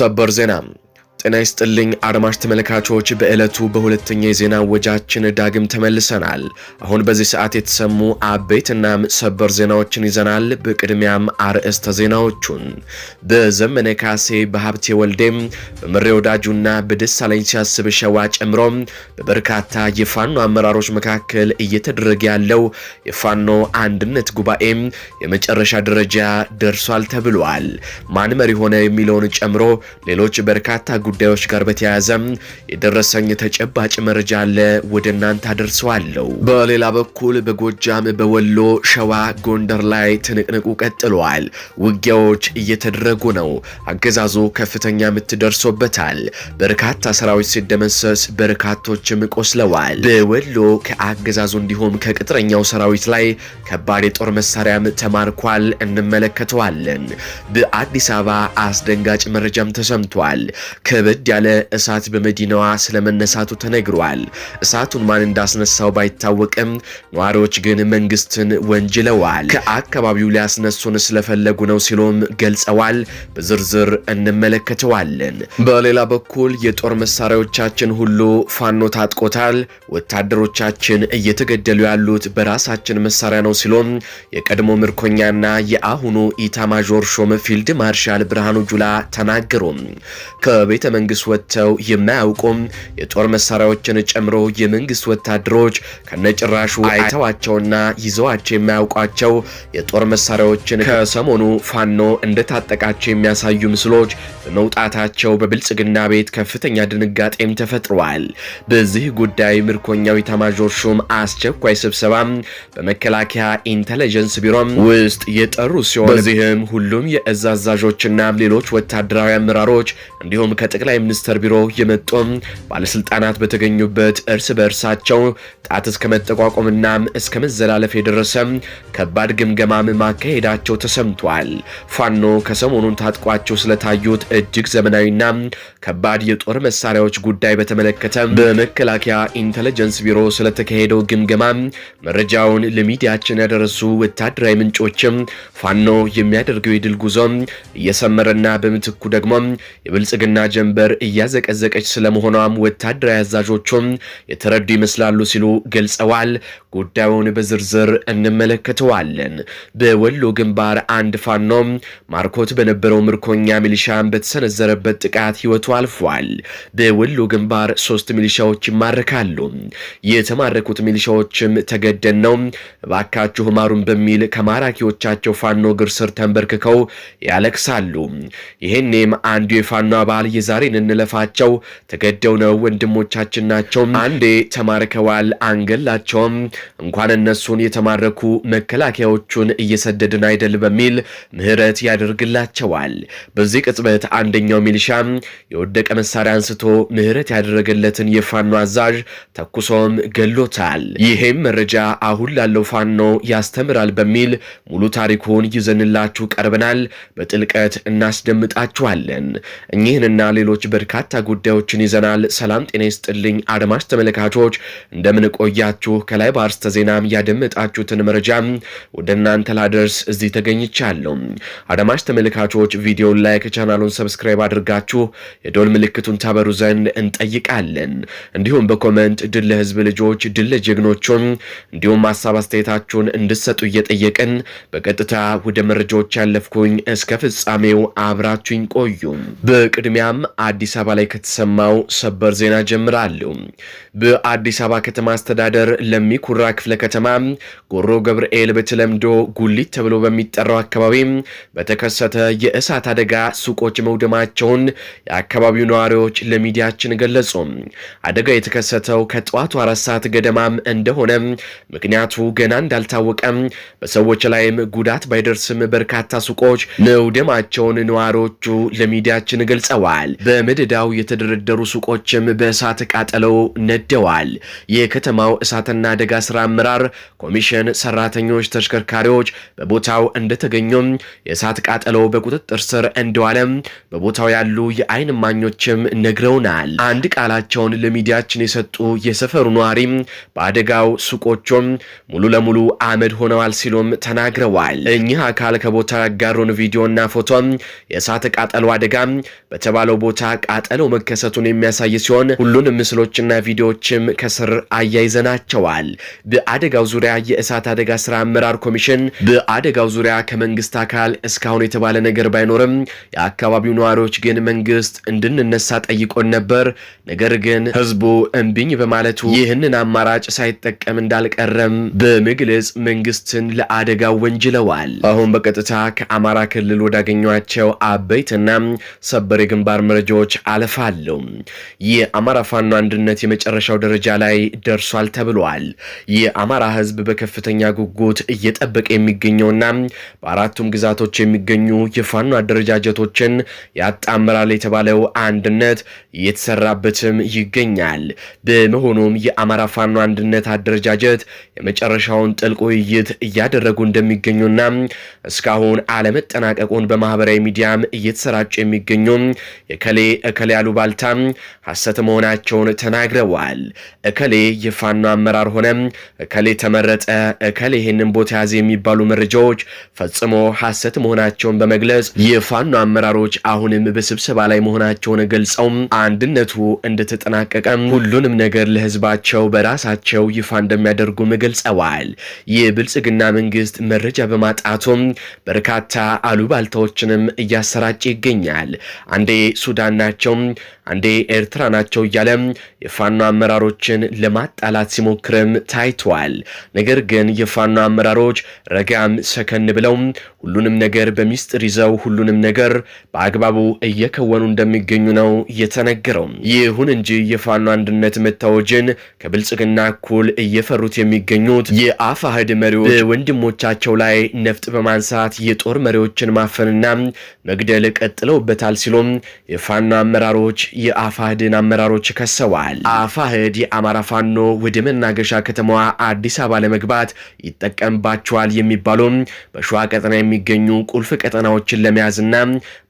ሰበር ዜና ጤና ይስጥልኝ አድማጭ ተመልካቾች፣ በዕለቱ በሁለተኛ የዜና ወጃችን ዳግም ተመልሰናል። አሁን በዚህ ሰዓት የተሰሙ አበይትና ሰበር ዜናዎችን ይዘናል። በቅድሚያም አርዕስተ ዜናዎቹን በዘመነ ካሴ፣ በሀብቴ ወልዴም፣ በምሬ ወዳጁና በደሳለኝ ሲያስብ ሸዋ ጨምሮ በበርካታ የፋኖ አመራሮች መካከል እየተደረገ ያለው የፋኖ አንድነት ጉባኤም የመጨረሻ ደረጃ ደርሷል ተብሏል። ማን መሪ ሆነ የሚለውን ጨምሮ ሌሎች በርካታ ጉዳዮች ጋር በተያያዘ የደረሰኝ ተጨባጭ መረጃ አለ፣ ወደ እናንተ አደርሰዋለሁ። በሌላ በኩል በጎጃም በወሎ፣ ሸዋ፣ ጎንደር ላይ ትንቅንቁ ቀጥሏል። ውጊያዎች እየተደረጉ ነው። አገዛዙ ከፍተኛ ምት ደርሶበታል። በርካታ ሰራዊት ሲደመሰስ፣ በርካቶችም ቆስለዋል። በወሎ ከአገዛዙ እንዲሁም ከቅጥረኛው ሰራዊት ላይ ከባድ የጦር መሳሪያም ተማርኳል። እንመለከተዋለን። በአዲስ አበባ አስደንጋጭ መረጃም ተሰምቷል። ከ ከበድ ያለ እሳት በመዲናዋ ስለመነሳቱ ተነግሯል። እሳቱን ማን እንዳስነሳው ባይታወቅም ነዋሪዎች ግን መንግስትን ወንጅለዋል። ከአካባቢው ሊያስነሱን ስለፈለጉ ነው ሲሉም ገልጸዋል። በዝርዝር እንመለከተዋለን። በሌላ በኩል የጦር መሳሪያዎቻችን ሁሉ ፋኖ ታጥቆታል፣ ወታደሮቻችን እየተገደሉ ያሉት በራሳችን መሳሪያ ነው ሲሉም የቀድሞ ምርኮኛና የአሁኑ ኢታማዦር ሹም ፊልድ ማርሻል ብርሃኑ ጁላ ተናገሩ። ከቤተ መንግስት ወጥተው የማያውቁም የጦር መሳሪያዎችን ጨምሮ የመንግስት ወታደሮች ከነጭራሹ አይተዋቸውና ይዘዋቸው የማያውቋቸው የጦር መሳሪያዎችን ከሰሞኑ ፋኖ እንደታጠቃቸው የሚያሳዩ ምስሎች በመውጣታቸው በብልጽግና ቤት ከፍተኛ ድንጋጤም ተፈጥሯል። በዚህ ጉዳይ ምርኮኛው ኢታማዦር ሹም አስቸኳይ ስብሰባ በመከላከያ ኢንተለጀንስ ቢሮም ውስጥ የጠሩ ሲሆን በዚህም ሁሉም የእዝ አዛዦችና ሌሎች ወታደራዊ አመራሮች እንዲሁም ከጥ ጠቅላይ ሚኒስትር ቢሮ የመጡ ባለስልጣናት በተገኙበት እርስ በእርሳቸው ጣት እስከ መጠቋቆምና እስከ መዘላለፍ የደረሰ ከባድ ግምገማም ማካሄዳቸው ተሰምቷል። ፋኖ ከሰሞኑን ታጥቋቸው ስለታዩት እጅግ ዘመናዊና ከባድ የጦር መሳሪያዎች ጉዳይ በተመለከተ በመከላከያ ኢንተለጀንስ ቢሮ ስለተካሄደው ግምገማ መረጃውን ለሚዲያችን ያደረሱ ወታደራዊ ምንጮችም ፋኖ የሚያደርገው የድል ጉዞ እየሰመረና በምትኩ ደግሞ የብልጽግና ጀንበር ድንበር እያዘቀዘቀች ስለመሆኗም ወታደራዊ አዛዦቹም የተረዱ ይመስላሉ ሲሉ ገልጸዋል። ጉዳዩን በዝርዝር እንመለከተዋለን። በወሎ ግንባር አንድ ፋኖም ማርኮት በነበረው ምርኮኛ ሚሊሻ በተሰነዘረበት ጥቃት ህይወቱ አልፏል። በወሎ ግንባር ሶስት ሚሊሻዎች ይማረካሉ። የተማረኩት ሚሊሻዎችም ተገደን ነው እባካችሁ ማሩን በሚል ከማራኪዎቻቸው ፋኖ እግር ስር ተንበርክከው ያለቅሳሉ። ይህኔም አንዱ የፋኖ አባል የዛ ዛሬን እንለፋቸው ተገደው ነው ወንድሞቻችን ናቸው። አንዴ ተማርከዋል አንገላቸውም። እንኳን እነሱን የተማረኩ መከላከያዎቹን እየሰደድን አይደል በሚል ምህረት ያደርግላቸዋል። በዚህ ቅጽበት አንደኛው ሚሊሻ የወደቀ መሳሪያ አንስቶ ምህረት ያደረገለትን የፋኖ አዛዥ ተኩሶም ገሎታል። ይሄም መረጃ አሁን ላለው ፋኖ ያስተምራል በሚል ሙሉ ታሪኩን ይዘንላችሁ ቀርበናል። በጥልቀት እናስደምጣችኋለን። እኚህንና ሌሎ ሌሎች በርካታ ጉዳዮችን ይዘናል። ሰላም ጤና ይስጥልኝ አድማጭ ተመልካቾች፣ እንደምን ቆያችሁ ከላይ በአርስተ ዜናም ያደመጣችሁትን መረጃ ወደ እናንተ ላደርስ እዚህ ተገኝቻለሁ። አድማጭ ተመልካቾች ቪዲዮን ላይክ፣ ቻናሉን ሰብስክራይብ አድርጋችሁ የዶል ምልክቱን ታበሩ ዘንድ እንጠይቃለን። እንዲሁም በኮመንት ድል ለህዝብ ልጆች፣ ድል ለጀግኖቹም እንዲሁም ሀሳብ አስተያየታችሁን እንድሰጡ እየጠየቅን በቀጥታ ወደ መረጃዎች ያለፍኩኝ እስከ ፍጻሜው አብራችሁኝ ቆዩ። በቅድሚያም አዲስ አበባ ላይ ከተሰማው ሰበር ዜና ጀምራለሁ። በአዲስ አበባ ከተማ አስተዳደር ለሚኩራ ክፍለ ከተማ ጎሮ ገብርኤል በተለምዶ ጉሊት ተብሎ በሚጠራው አካባቢ በተከሰተ የእሳት አደጋ ሱቆች መውደማቸውን የአካባቢው ነዋሪዎች ለሚዲያችን ገለጹ። አደጋ የተከሰተው ከጠዋቱ አራት ሰዓት ገደማም እንደሆነ ምክንያቱ ገና እንዳልታወቀም በሰዎች ላይም ጉዳት ባይደርስም በርካታ ሱቆች መውደማቸውን ነዋሪዎቹ ለሚዲያችን ገልጸዋል። በመደዳው የተደረደሩ ሱቆችም በእሳት ቃጠለው ነደዋል። የከተማው እሳትና አደጋ ስራ አመራር ኮሚሽን ሰራተኞች ተሽከርካሪዎች በቦታው እንደተገኙም የእሳት ቃጠለው በቁጥጥር ስር እንደዋለም በቦታው ያሉ የአይን ማኞችም ነግረውናል። አንድ ቃላቸውን ለሚዲያችን የሰጡ የሰፈሩ ነዋሪም በአደጋው ሱቆቹም ሙሉ ለሙሉ አመድ ሆነዋል ሲሉም ተናግረዋል። እኚህ አካል ከቦታው ያጋሩን ቪዲዮና ፎቶም የእሳት ቃጠሎ አደጋ በተባለው ቦታ ቃጠሎ መከሰቱን የሚያሳይ ሲሆን ሁሉንም ምስሎችና ቪዲዮዎችም ከስር አያይዘናቸዋል። በአደጋው ዙሪያ የእሳት አደጋ ስራ አመራር ኮሚሽን በአደጋው ዙሪያ ከመንግስት አካል እስካሁን የተባለ ነገር ባይኖርም የአካባቢው ነዋሪዎች ግን መንግስት እንድንነሳ ጠይቆን ነበር። ነገር ግን ህዝቡ እምቢኝ በማለቱ ይህንን አማራጭ ሳይጠቀም እንዳልቀረም በመግለጽ መንግስትን ለአደጋው ወንጅለዋል። አሁን በቀጥታ ከአማራ ክልል ወዳገኟቸው አበይትና ሰበር የግንባር ደረጃዎች አልፋለሁ። የአማራ ፋኖ አንድነት የመጨረሻው ደረጃ ላይ ደርሷል ተብሏል። የአማራ ህዝብ በከፍተኛ ጉጉት እየጠበቀ የሚገኘውና በአራቱም ግዛቶች የሚገኙ የፋኖ አደረጃጀቶችን ያጣምራል የተባለው አንድነት እየተሰራበትም ይገኛል። በመሆኑም የአማራ ፋኖ አንድነት አደረጃጀት የመጨረሻውን ጥልቅ ውይይት እያደረጉ እንደሚገኙና እስካሁን አለመጠናቀቁን በማህበራዊ ሚዲያም እየተሰራጩ የሚገኙ እከሌ እከሌ ባልታ ሐሰት መሆናቸውን ተናግረዋል። እከሌ የፋኖ አመራር ሆነ፣ እከሌ ተመረጠ፣ እከሌ ይህንን ቦታ ያዘ የሚባሉ መረጃዎች ፈጽሞ ሐሰት መሆናቸውን በመግለጽ የፋኖ አመራሮች አሁንም በስብሰባ ላይ መሆናቸውን ገልጸው አንድነቱ እንደተጠናቀቀም ሁሉንም ነገር ለህዝባቸው በራሳቸው ይፋ እንደሚያደርጉም ገልጸዋል። የብልጽግና መንግስት መረጃ በማጣቱም በርካታ አሉባልታዎችንም እያሰራጨ ይገኛል። አንዴ ሱዳን ሱዳን ናቸው። አንዴ ኤርትራ ናቸው እያለም የፋኖ አመራሮችን ለማጣላት ሲሞክርም ታይቷል። ነገር ግን የፋኖ አመራሮች ረጋም ሰከን ብለው ሁሉንም ነገር በሚስጥር ይዘው ሁሉንም ነገር በአግባቡ እየከወኑ እንደሚገኙ ነው የተነገረው። ይሁን እንጂ የፋኖ አንድነት መታወጅን ከብልጽግና እኩል እየፈሩት የሚገኙት የአፋህድ መሪዎች በወንድሞቻቸው ላይ ነፍጥ በማንሳት የጦር መሪዎችን ማፈንና መግደል ቀጥለውበታል ሲሉም የፋኖ አመራሮች የአፋህድን አመራሮች ከሰዋል። አፋህድ የአማራ ፋኖ ወደ መናገሻ ከተማዋ አዲስ አበባ ለመግባት ይጠቀምባቸዋል የሚባሉ በሸዋ ቀጠና የሚገኙ ቁልፍ ቀጠናዎችን ለመያዝና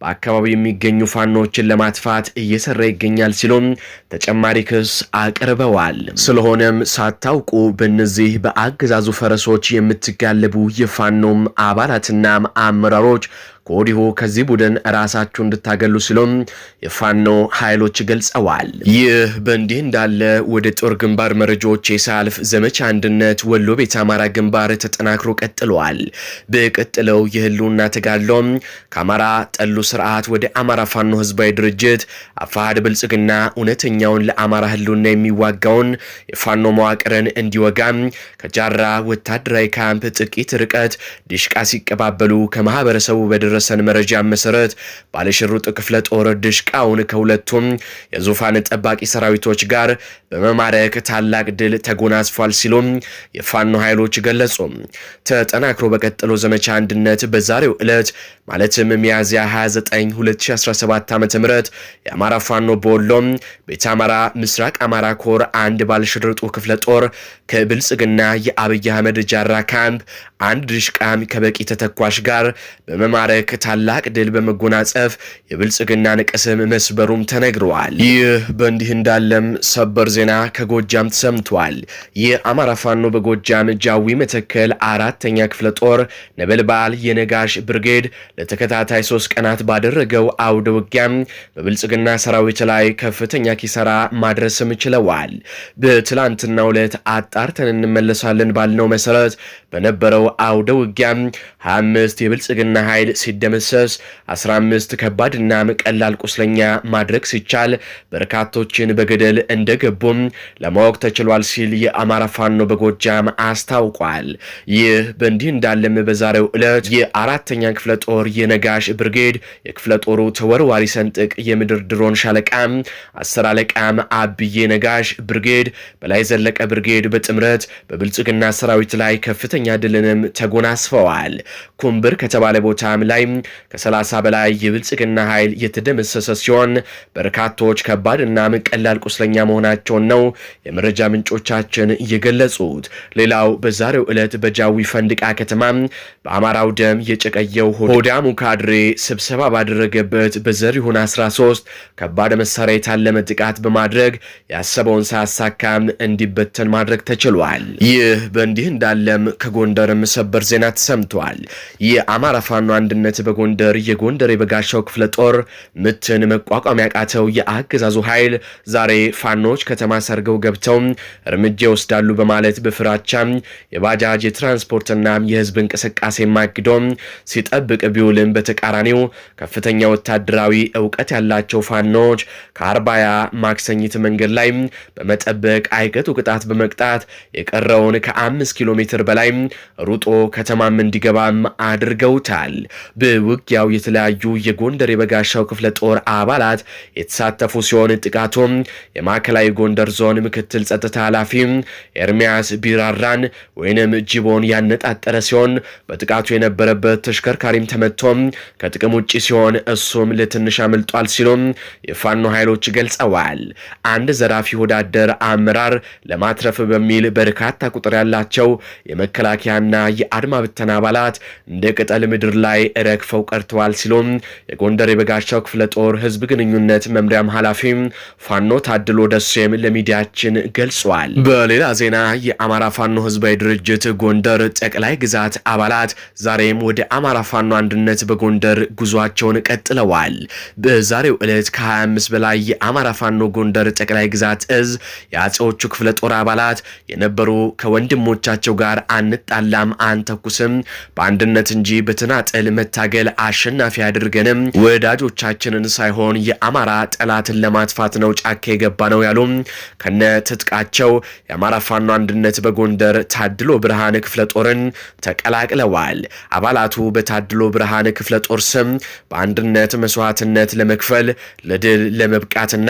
በአካባቢው የሚገኙ ፋኖዎችን ለማጥፋት እየሰራ ይገኛል ሲሉም ተጨማሪ ክስ አቅርበዋል። ስለሆነም ሳታውቁ በእነዚህ በአገዛዙ ፈረሶች የምትጋለቡ የፋኖም አባላትና አመራሮች ከወዲሁ ከዚህ ቡድን ራሳችሁ እንድታገሉ ሲሉም የፋኖ ኃይሎች ገልጸዋል። ይህ በእንዲህ እንዳለ ወደ ጦር ግንባር መረጃዎች የሳልፍ ዘመቻ አንድነት ወሎ ቤት አማራ ግንባር ተጠናክሮ ቀጥለዋል። በቀጥለው የህልውና ተጋድሎም ከአማራ ጠሉ ስርዓት ወደ አማራ ፋኖ ህዝባዊ ድርጅት አፋሃድ ብልጽግና እውነተኛውን ለአማራ ህልውና የሚዋጋውን የፋኖ መዋቅርን እንዲወጋም ከጃራ ወታደራዊ ካምፕ ጥቂት ርቀት ድሽቃ ሲቀባበሉ ከማህበረሰቡ በደ በደረሰን መረጃ መሰረት ባለሽሩጥ ክፍለ ጦር ድሽቃውን ከሁለቱም የዙፋን ጠባቂ ሰራዊቶች ጋር በመማረክ ታላቅ ድል ተጎናጽፏል ሲሉም የፋኖ ኃይሎች ገለጹ። ተጠናክሮ በቀጠለው ዘመቻ አንድነት በዛሬው ዕለት ማለትም ሚያዝያ 29 2017 ዓ ም የአማራ ፋኖ በወሎም ቤተ አማራ ምስራቅ አማራ ኮር አንድ ባለሽርጡ ክፍለ ጦር ከብልጽግና የአብይ አህመድ ጃራ ካምፕ አንድ ድሽቃም ከበቂ ተተኳሽ ጋር በመማረክ መልክ ታላቅ ድል በመጎናጸፍ የብልጽግናን ቅስም መስበሩም ተነግረዋል። ይህ በእንዲህ እንዳለም ሰበር ዜና ከጎጃም ተሰምቷል። የአማራ ፋኖ በጎጃም ጃዊ መተከል አራተኛ ክፍለ ጦር ነበልባል የነጋሽ ብርጌድ ለተከታታይ ሶስት ቀናት ባደረገው አውደ ውጊያም በብልጽግና ሰራዊት ላይ ከፍተኛ ኪሳራ ማድረስም ችለዋል። በትላንትናው ዕለት አጣርተን እንመለሳለን ባልነው መሰረት በነበረው አውደ ውጊያም አምስት የብልጽግና ኃይል ሲ ሲደመሰስ 15 ከባድና ቀላል ቁስለኛ ማድረግ ሲቻል በርካቶችን በገደል እንደገቡም ለማወቅ ተችሏል ሲል የአማራ ፋኖ በጎጃም አስታውቋል። ይህ በእንዲህ እንዳለም በዛሬው ዕለት የአራተኛ ክፍለ ጦር የነጋሽ ብርጌድ የክፍለ ጦሩ ተወርዋሪ ሰንጥቅ የምድር ድሮን ሻለቃም አስር አለቃም አብዬ ነጋሽ ብርጌድ በላይ ዘለቀ ብርጌድ በጥምረት በብልጽግና ሰራዊት ላይ ከፍተኛ ድልንም ተጎናስፈዋል። ኩምብር ከተባለ ቦታም ላይ ላይ ከ30 በላይ የብልጽግና ኃይል የተደመሰሰ ሲሆን በርካቶች ከባድና ቀላል ቁስለኛ መሆናቸውን ነው የመረጃ ምንጮቻችን የገለጹት። ሌላው በዛሬው ዕለት በጃዊ ፈንድቃ ከተማ በአማራው ደም የጨቀየው ሆዳሙ ካድሬ ስብሰባ ባደረገበት በዘሪሁን 13 ከባድ መሳሪያ የታለመ ጥቃት በማድረግ ያሰበውን ሳያሳካም እንዲበተን ማድረግ ተችሏል። ይህ በእንዲህ እንዳለም ከጎንደርም ሰበር ዜና ተሰምቷል። የአማራ ፋኖ አንድነት ጦርነት በጎንደር የጎንደር የበጋሻው ክፍለ ጦር ምትን መቋቋም ያቃተው የአገዛዙ ኃይል ዛሬ ፋኖች ከተማ ሰርገው ገብተው እርምጃ ይወስዳሉ በማለት በፍራቻ የባጃጅ የትራንስፖርትና የህዝብ እንቅስቃሴ ማግዶ ሲጠብቅ ቢውልም በተቃራኒው ከፍተኛ ወታደራዊ እውቀት ያላቸው ፋኖች ከአርባያ ማክሰኝት መንገድ ላይ በመጠበቅ አይቀጡ ቅጣት በመቅጣት የቀረውን ከአምስት ኪሎ ሜትር በላይ ሩጦ ከተማም እንዲገባም አድርገውታል። በውጊያው የተለያዩ የጎንደር የበጋሻው ክፍለ ጦር አባላት የተሳተፉ ሲሆን ጥቃቱም የማዕከላዊ ጎንደር ዞን ምክትል ጸጥታ ኃላፊ ኤርሚያስ ቢራራን ወይንም ጅቦን ያነጣጠረ ሲሆን በጥቃቱ የነበረበት ተሽከርካሪም ተመቶም ከጥቅም ውጭ ሲሆን እሱም ለትንሽ አመልጧል ሲሉም የፋኖ ኃይሎች ገልጸዋል። አንድ ዘራፊ ወዳደር አመራር ለማትረፍ በሚል በርካታ ቁጥር ያላቸው የመከላከያና የአድማ ብተና አባላት እንደ ቅጠል ምድር ላይ ረግፈው ቀርተዋል ሲሉም የጎንደር የበጋሻው ክፍለ ጦር ህዝብ ግንኙነት መምሪያም ኃላፊም ፋኖ ታድሎ ደሴም ለሚዲያችን ገልጿል። በሌላ ዜና የአማራ ፋኖ ህዝባዊ ድርጅት ጎንደር ጠቅላይ ግዛት አባላት ዛሬም ወደ አማራ ፋኖ አንድነት በጎንደር ጉዟቸውን ቀጥለዋል። በዛሬው ዕለት ከ25 በላይ የአማራ ፋኖ ጎንደር ጠቅላይ ግዛት እዝ የአጼዎቹ ክፍለ ጦር አባላት የነበሩ ከወንድሞቻቸው ጋር አንጣላም፣ አንተኩስም በአንድነት እንጂ በተናጠል መታ በመታገል አሸናፊ አድርገንም ወዳጆቻችንን ሳይሆን የአማራ ጠላትን ለማጥፋት ነው ጫካ የገባ ነው ያሉ ከነ ትጥቃቸው የአማራ ፋኖ አንድነት በጎንደር ታድሎ ብርሃን ክፍለ ጦርን ተቀላቅለዋል። አባላቱ በታድሎ ብርሃን ክፍለ ጦር ስም በአንድነት መስዋዕትነት ለመክፈል ለድል ለመብቃትና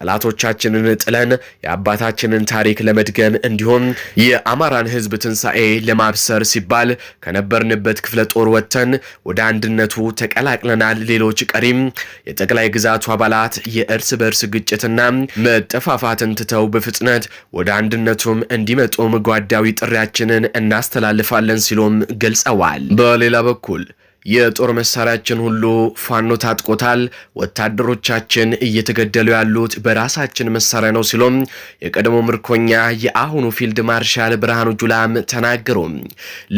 ጠላቶቻችንን ጥለን የአባታችንን ታሪክ ለመድገም እንዲሁም የአማራን ሕዝብ ትንሣኤ ለማብሰር ሲባል ከነበርንበት ክፍለ ጦር ወጥተን ወደ አንድነቱ ተቀላቅለናል። ሌሎች ቀሪም የጠቅላይ ግዛቱ አባላት የእርስ በእርስ ግጭትና መጠፋፋትን ትተው በፍጥነት ወደ አንድነቱም እንዲመጡም ጓዳዊ ጥሪያችንን እናስተላልፋለን ሲሉም ገልጸዋል። በሌላ በኩል የጦር መሳሪያችን ሁሉ ፋኖ ታጥቆታል፣ ወታደሮቻችን እየተገደሉ ያሉት በራሳችን መሳሪያ ነው ሲሉም የቀድሞ ምርኮኛ የአሁኑ ፊልድ ማርሻል ብርሃኑ ጁላም ተናገሩ።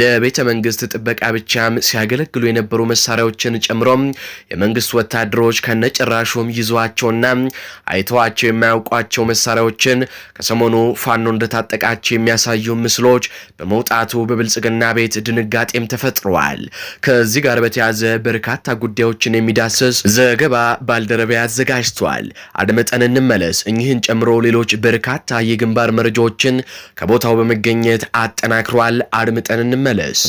ለቤተ መንግስት ጥበቃ ብቻም ሲያገለግሉ የነበሩ መሳሪያዎችን ጨምሮም የመንግስት ወታደሮች ከነጭራሹም ይዟቸውና አይተዋቸው የማያውቋቸው መሳሪያዎችን ከሰሞኑ ፋኖ እንደታጠቃቸው የሚያሳዩ ምስሎች በመውጣቱ በብልጽግና ቤት ድንጋጤም ተፈጥረዋል። ከዚህ ጋር ጋር በተያዘ በርካታ ጉዳዮችን የሚዳስስ ዘገባ ባልደረባ አዘጋጅቷል። አድምጠን እንመለስ። እኚህን ጨምሮ ሌሎች በርካታ የግንባር መረጃዎችን ከቦታው በመገኘት አጠናክሯል። አድምጠን እንመለስ።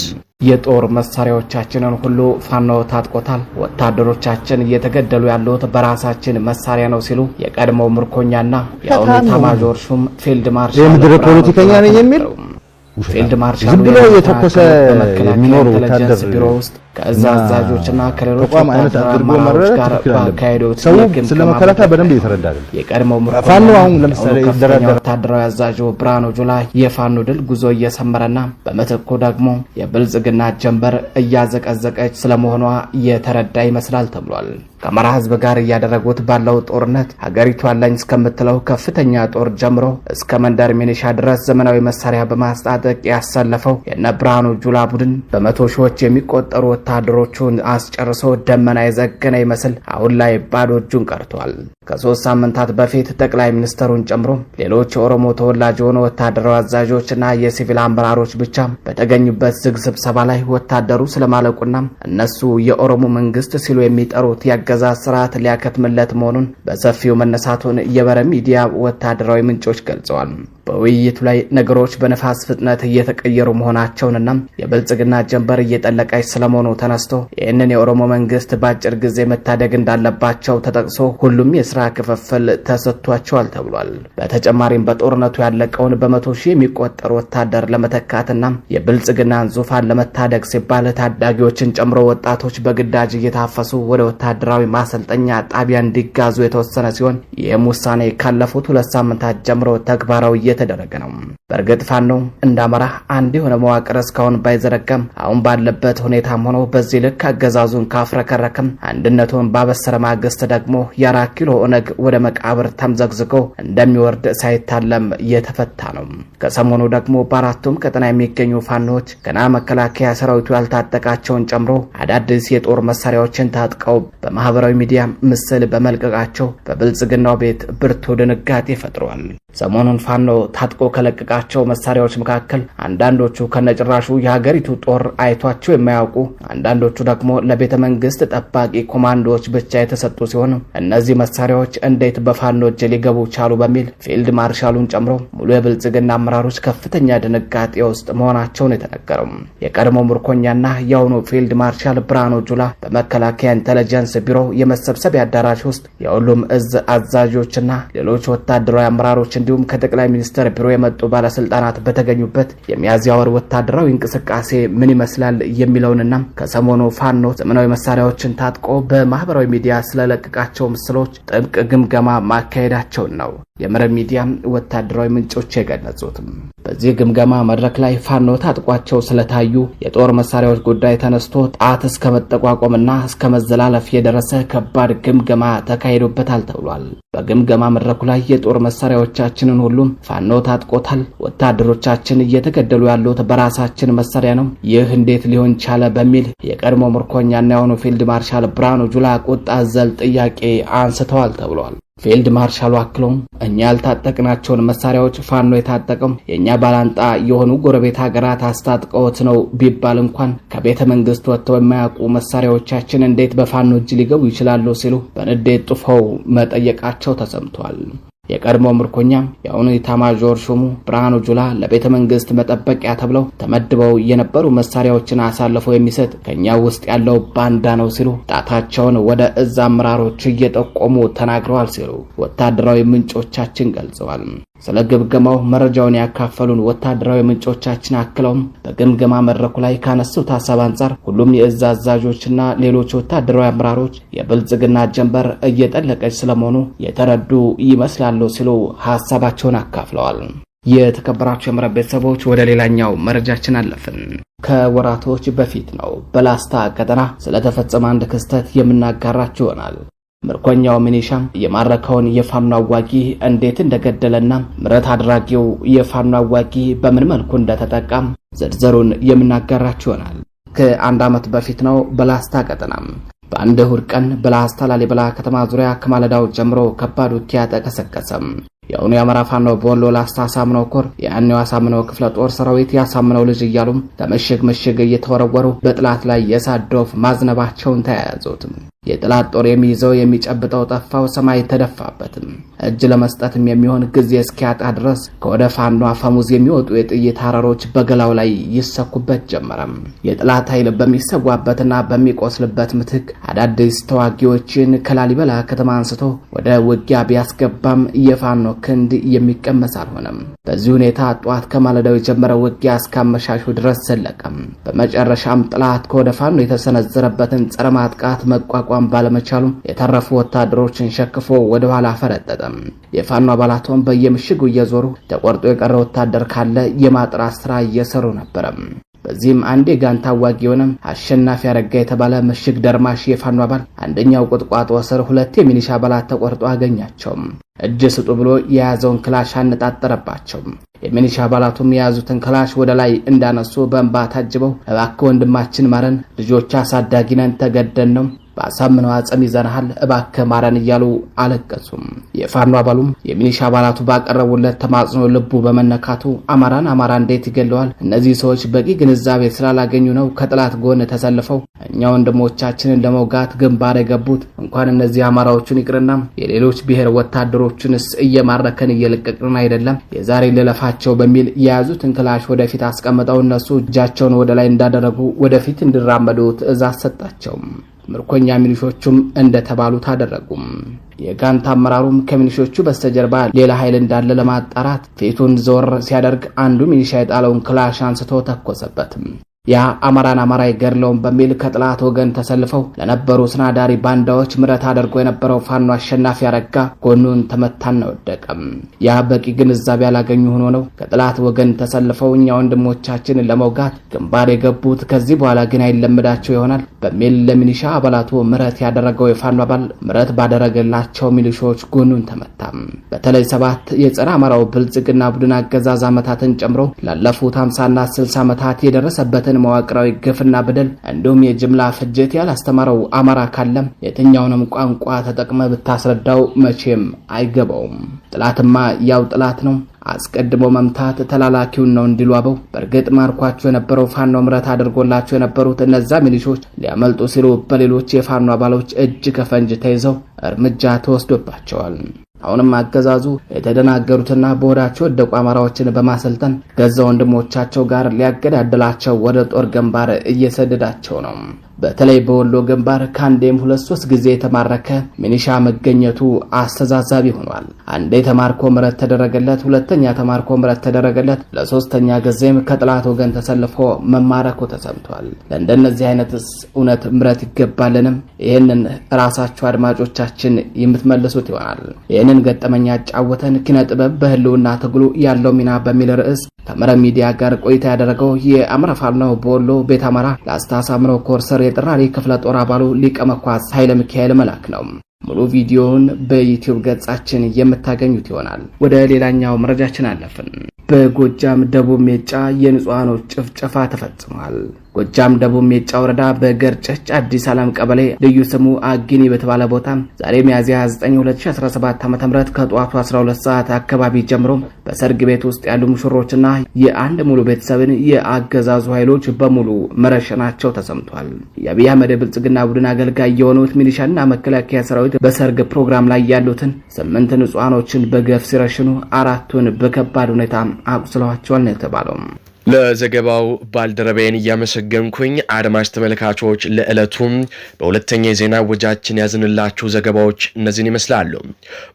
የጦር መሳሪያዎቻችንን ሁሉ ፋኖ ታጥቆታል። ወታደሮቻችን እየተገደሉ ያሉት በራሳችን መሳሪያ ነው ሲሉ የቀድሞው ምርኮኛና የአሁኑ ኤታማዦር ሹም ፊልድ ማርሻል የምድር ፖለቲከኛ ነኝ የሚል ፊልድ ማርሻል ዝም ብሎ የተኮሰ የሚኖር ወታደር ቢሮ ውስጥ ከእዛ አዛዦችና ከሌሎች ስለመከላከያ በደንብ እየተረዳ የቀድሞው ፋኖ አሁን ለምሳሌ ወታደራዊ አዛዥ ብርሃኑ ጁላ የፋኖ ድል ጉዞ እየሰመረና በምትኩ ደግሞ የብልጽግና ጀንበር እያዘቀዘቀች ስለመሆኗ እየተረዳ ይመስላል ተብሏል። ከአማራ ሕዝብ ጋር እያደረጉት ባለው ጦርነት ሀገሪቱ አለኝ እስከምትለው ከፍተኛ ጦር ጀምሮ እስከ መንደር ሚኒሻ ድረስ ዘመናዊ መሳሪያ በማስታጠቅ ያሰለፈው የነ ብርሃኑ ጁላ ቡድን በመቶ ሺዎች የሚቆጠሩ ወታደሮቹን አስጨርሶ ደመና የዘገነ ይመስል አሁን ላይ ባዶ እጁን ቀርቷል። ከሶስት ሳምንታት በፊት ጠቅላይ ሚኒስተሩን ጨምሮ ሌሎች የኦሮሞ ተወላጅ የሆኑ ወታደራዊ አዛዦችና የሲቪል አመራሮች ብቻ በተገኙበት ዝግ ስብሰባ ላይ ወታደሩ ስለማለቁና እነሱ የኦሮሞ መንግስት ሲሉ የሚጠሩት የአገዛዝ ስርዓት ሊያከትምለት መሆኑን በሰፊው መነሳቱን የበረ ሚዲያ ወታደራዊ ምንጮች ገልጸዋል። በውይይቱ ላይ ነገሮች በነፋስ ፍጥነት እየተቀየሩ መሆናቸውንና የብልጽግና ጀንበር እየጠለቀች ስለመሆኑ ተነስቶ ይህንን የኦሮሞ መንግስት በአጭር ጊዜ መታደግ እንዳለባቸው ተጠቅሶ ሁሉም የስራ ክፍፍል ተሰጥቷቸዋል ተብሏል። በተጨማሪም በጦርነቱ ያለቀውን በመቶ ሺህ የሚቆጠሩ ወታደር ለመተካትና የብልጽግናን ዙፋን ለመታደግ ሲባል ታዳጊዎችን ጨምሮ ወጣቶች በግዳጅ እየታፈሱ ወደ ወታደራዊ ማሰልጠኛ ጣቢያ እንዲጋዙ የተወሰነ ሲሆን ይህም ውሳኔ ካለፉት ሁለት ሳምንታት ጀምሮ ተግባራዊ እየተደረገ ነው። በእርግጥ ፋኖ እንደ አማራ አንድ የሆነ መዋቅር እስካሁን ባይዘረጋም አሁን ባለበት ሁኔታም ሆኖ በዚህ ልክ አገዛዙን ካፍረከረክም አንድነቱን ባበሰረ ማግስት ደግሞ የአራት ኪሎ ኦነግ ወደ መቃብር ተምዘግዝጎ እንደሚወርድ ሳይታለም እየተፈታ ነው። ከሰሞኑ ደግሞ በአራቱም ቀጠና የሚገኙ ፋኖዎች ገና መከላከያ ሰራዊቱ ያልታጠቃቸውን ጨምሮ አዳዲስ የጦር መሳሪያዎችን ታጥቀው በማህበራዊ ሚዲያ ምስል በመልቀቃቸው በብልጽግናው ቤት ብርቱ ድንጋጤ ፈጥሯል። ሰሞኑን ፋኖ ታጥቆ ከለቀቃቸው መሳሪያዎች መካከል አንዳንዶቹ ከነጭራሹ የሀገሪቱ ጦር አይቷቸው የማያውቁ አንዳንዶቹ ደግሞ ለቤተ መንግስት ጠባቂ ኮማንዶዎች ብቻ የተሰጡ ሲሆን እነዚህ መሳሪያዎች እንዴት በፋኖ እጅ ሊገቡ ቻሉ በሚል ፊልድ ማርሻሉን ጨምሮ ሙሉ የብልጽግና አመራሮች ከፍተኛ ድንጋጤ ውስጥ መሆናቸውን የተነገረው የቀድሞ ምርኮኛና የአሁኑ ፊልድ ማርሻል ብርሃኑ ጁላ በመከላከያ ኢንተለጀንስ ቢሮ የመሰብሰቢያ አዳራሽ ውስጥ የሁሉም እዝ አዛዦችና ሌሎች ወታደራዊ አመራሮች እንዲሁም ከጠቅላይ ሚኒስትር ሚኒስቴር ቢሮ የመጡ ባለስልጣናት በተገኙበት የሚያዝያ ወር ወታደራዊ እንቅስቃሴ ምን ይመስላል የሚለውንና ከሰሞኑ ፋኖ ዘመናዊ መሳሪያዎችን ታጥቆ በማህበራዊ ሚዲያ ስለለቀቃቸው ምስሎች ጥብቅ ግምገማ ማካሄዳቸውን ነው የመረብ ሚዲያ ወታደራዊ ምንጮች የገለጹትም በዚህ ግምገማ መድረክ ላይ ፋኖ ታጥቋቸው ስለታዩ የጦር መሳሪያዎች ጉዳይ ተነስቶ ጣት እስከ መጠቋቋምና እስከ መዘላለፍ የደረሰ ከባድ ግምገማ ተካሂዶበታል ተብሏል። በግምገማ መድረኩ ላይ የጦር መሳሪያዎቻችንን ሁሉም ፋኖ ታጥቆታል፣ ወታደሮቻችን እየተገደሉ ያሉት በራሳችን መሳሪያ ነው፣ ይህ እንዴት ሊሆን ቻለ በሚል የቀድሞ ምርኮኛና የሆኑ ፊልድ ማርሻል ብርሃኑ ጁላ ቁጣ ዘል ጥያቄ አንስተዋል ተብሏል። ፊልድ ማርሻሉ አክሎም እኛ ያልታጠቅናቸውን መሳሪያዎች ፋኖ የታጠቀው የእኛ ባላንጣ የሆኑ ጎረቤት ሀገራት አስታጥቀውት ነው ቢባል እንኳን ከቤተ መንግስት ወጥተው የማያውቁ መሳሪያዎቻችን እንዴት በፋኖ እጅ ሊገቡ ይችላሉ ሲሉ በንዴት ጡፈው መጠየቃቸው ተሰምቷል። የቀድሞ ምርኮኛ የአሁኑ ኢታማዦር ሹሙ ብርሃኑ ጁላ ለቤተ መንግስት መጠበቂያ ተብለው ተመድበው የነበሩ መሳሪያዎችን አሳልፎ የሚሰጥ ከኛ ውስጥ ያለው ባንዳ ነው ሲሉ ጣታቸውን ወደ እዝ አመራሮች እየጠቆሙ ተናግረዋል ሲሉ ወታደራዊ ምንጮቻችን ገልጸዋል። ስለ ግምገማው መረጃውን ያካፈሉን ወታደራዊ ምንጮቻችን አክለውም በግምገማ መድረኩ ላይ ካነሱት ሀሳብ አንጻር ሁሉም የእዝ አዛዦችና ሌሎች ወታደራዊ አመራሮች የብልጽግና ጀንበር እየጠለቀች ስለመሆኑ የተረዱ ይመስላሉ ሲሉ ሀሳባቸውን አካፍለዋል። የተከበራቸው የምረብ ቤተሰቦች ወደ ሌላኛው መረጃችን አለፍን። ከወራቶች በፊት ነው በላስታ ቀጠና ስለተፈጸመ አንድ ክስተት የምናጋራችሁ ይሆናል። ምርኮኛው ሚኒሻ የማረከውን የፋኖ አዋጊ እንዴት እንደገደለና ምረት አድራጊው የፋኖ አዋጊ በምን መልኩ እንደተጠቃም ዝርዝሩን የምናገራችሁ ይሆናል። ከአንድ ዓመት በፊት ነው በላስታ ቀጠናም በአንድ እሁድ ቀን በላስታ ላሊበላ ከተማ ዙሪያ ከማለዳው ጀምሮ ከባድ ውጊያ ተቀሰቀሰም። የአሁኑ የአማራ ፋኖ በወሎ ላስታ አሳምነው ኮር የያኔው አሳምነው ክፍለ ጦር ሰራዊት ያሳምነው ልጅ እያሉም ከምሽግ ምሽግ እየተወረወሩ በጥላት ላይ የሳት ማዝነባቸውን ተያያዙት። የጥላት ጦር የሚይዘው የሚጨብጠው ጠፋው፣ ሰማይ ተደፋበትም። እጅ ለመስጠትም የሚሆን ጊዜ እስኪያጣ ድረስ ከወደ ፋኖ አፈሙዝ የሚወጡ የጥይት አረሮች በገላው ላይ ይሰኩበት ጀመረም። የጥላት ኃይል በሚሰዋበትና በሚቆስልበት ምትክ አዳዲስ ተዋጊዎችን ከላሊበላ ከተማ አንስቶ ወደ ውጊያ ቢያስገባም የፋኖ ክንድ የሚቀመስ አልሆነም። በዚህ ሁኔታ ጠዋት ከማለዳው የጀመረ ውጊያ እስካመሻሹ ድረስ ዘለቀም። በመጨረሻም ጥላት ከወደ ፋኖ የተሰነዘረበትን ጸረ ማጥቃት መቋቋም መቋቋም ባለመቻሉ የተረፉ ወታደሮችን ሸክፎ ወደ ኋላ ፈረጠጠም። የፋኖ አባላቱም በየምሽጉ እየዞሩ ተቆርጦ የቀረ ወታደር ካለ የማጥራት ስራ እየሰሩ ነበረ። በዚህም አንድ የጋን ታዋጊ የሆነም አሸናፊ አረጋ የተባለ ምሽግ ደርማሽ የፋኖ አባል አንደኛው ቁጥቋጦ ስር ሁለት የሚሊሻ አባላት ተቆርጦ አገኛቸው። እጅ ስጡ ብሎ የያዘውን ክላሽ አነጣጠረባቸው። የሚኒሻ አባላቱም የያዙትን ክላሽ ወደ ላይ እንዳነሱ በእንባ ታጅበው እባክህ ወንድማችን ማረን፣ ልጆች አሳዳጊነን ተገደን ነው በአሳምነው አጽም ይዘንሃል እባከ ማረን እያሉ አለቀሱም። የፋኖ አባሉም የሚኒሻ አባላቱ ባቀረቡለት ተማጽኖ ልቡ በመነካቱ አማራን አማራ እንዴት ይገለዋል? እነዚህ ሰዎች በቂ ግንዛቤ ስላላገኙ ነው ከጥላት ጎን ተሰልፈው እኛ ወንድሞቻችንን ለመውጋት ግንባር የገቡት። እንኳን እነዚህ አማራዎቹን ይቅርና የሌሎች ብሔር ወታደሮቹንስ እየማረከን እየለቀቅን አይደለም። የዛሬ ልለፋቸው በሚል የያዙትን ክላሽ ወደፊት አስቀምጠው እነሱ እጃቸውን ወደ ላይ እንዳደረጉ ወደፊት እንዲራመዱ ትዕዛዝ ሰጣቸው። ምርኮኛ ሚሊሾቹም እንደተባሉት አደረጉም። የጋንታ አመራሩም ከሚሊሾቹ በስተጀርባ ሌላ ኃይል እንዳለ ለማጣራት ፊቱን ዞር ሲያደርግ አንዱ ሚሊሻ የጣለውን ክላሽ አንስቶ ተኮሰበትም። ያ አማራን አማራ አይገድለውም በሚል ከጥላት ወገን ተሰልፈው ለነበሩ ስናዳሪ ባንዳዎች ምረት አድርጎ የነበረው ፋኖ አሸናፊ አረጋ ጎኑን ተመታና ወደቀም። ያ በቂ ግንዛቤ ያላገኙ ሆኖ ነው ከጥላት ወገን ተሰልፈው እኛ ወንድሞቻችን ለመውጋት ግንባር የገቡት። ከዚህ በኋላ ግን አይለምዳቸው ይሆናል በሚል ለሚኒሻ አባላቱ ምረት ያደረገው የፋኖ አባል ምረት ባደረገላቸው ሚሊሻዎች ጎኑን ተመታም። በተለይ ሰባት የጸረ አማራው ብልጽግና ቡድን አገዛዝ ዓመታትን ጨምሮ ላለፉት 50ና 60 ዓመታት የደረሰበትን የህዝብን መዋቅራዊ ግፍና በደል እንዲሁም የጅምላ ፍጅት ያላስተማረው አማራ ካለም የትኛውንም ቋንቋ ተጠቅመ ብታስረዳው መቼም አይገባውም። ጥላትማ ያው ጥላት ነው። አስቀድሞ መምታት ተላላኪውን ነው እንዲሉ አበው በእርግጥ ማርኳቸው የነበረው ፋኖ ምረት አድርጎላቸው የነበሩት እነዛ ሚሊሾች ሊያመልጡ ሲሉ በሌሎች የፋኖ አባሎች እጅ ከፈንጅ ተይዘው እርምጃ ተወስዶባቸዋል። አሁንም አገዛዙ የተደናገሩትና በሆዳቸው ወደቁ አማራዎችን በማሰልጠን ገዛ ወንድሞቻቸው ጋር ሊያገዳድላቸው ወደ ጦር ግንባር እየሰደዳቸው ነው። በተለይ በወሎ ግንባር ከአንዴም ሁለት ሶስት ጊዜ የተማረከ ሚኒሻ መገኘቱ አስተዛዛቢ ሆኗል። አንዴ ተማርኮ ምረት ተደረገለት፣ ሁለተኛ ተማርኮ ምረት ተደረገለት፣ ለሶስተኛ ጊዜም ከጥላት ወገን ተሰልፎ መማረኩ ተሰምቷል። ለእንደነዚህ አይነትስ እውነት ምረት ይገባልንም? ይህንን ራሳችሁ አድማጮቻችን የምትመልሱት ይሆናል። ይህንን ገጠመኛ ያጫወተን ኪነ ጥበብ በህልውና ትግሉ ያለው ሚና በሚል ርዕስ ከመረብ ሚዲያ ጋር ቆይታ ያደረገው የአማራ ፋኖ በወሎ ቤት አማራ ላስታ አሳምነው ኮርሰር የጥራሪ ክፍለ ጦር አባሉ ሊቀመኳስ ኃይለ ሚካኤል መላክ ነው። ሙሉ ቪዲዮውን በዩቲዩብ ገጻችን የምታገኙት ይሆናል። ወደ ሌላኛው መረጃችን አለፍን። በጎጃም ደቡብ ሜጫ የንጹሐኖች ጭፍጨፋ ተፈጽሟል። ጎጃም ደቡብ ሜጫ ወረዳ በገርጨጭ አዲስ ዓለም ቀበሌ ልዩ ስሙ አጊኒ በተባለ ቦታ ዛሬ ሚያዝያ 29 2017 ዓ ም ከጠዋቱ 12 ሰዓት አካባቢ ጀምሮ በሰርግ ቤት ውስጥ ያሉ ሙሽሮችና የአንድ ሙሉ ቤተሰብን የአገዛዙ ኃይሎች በሙሉ መረሸናቸው ተሰምቷል። የአብይ አህመድ ብልጽግና ቡድን አገልጋይ የሆኑት ሚሊሻና መከላከያ ሰራዊት በሰርግ ፕሮግራም ላይ ያሉትን ስምንት ንጹሐኖችን በገፍ ሲረሽኑ አራቱን በከባድ ሁኔታ አቁስለዋቸዋል ነው የተባለው። ለዘገባው ባልደረቤን እያመሰገንኩኝ አድማጭ ተመልካቾች ለዕለቱም በሁለተኛ የዜና ወጃችን ያዝንላችሁ ዘገባዎች እነዚህን ይመስላሉ።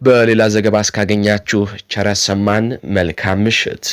በሌላ ዘገባ እስካገኛችሁ ቸረሰማን መልካም ምሽት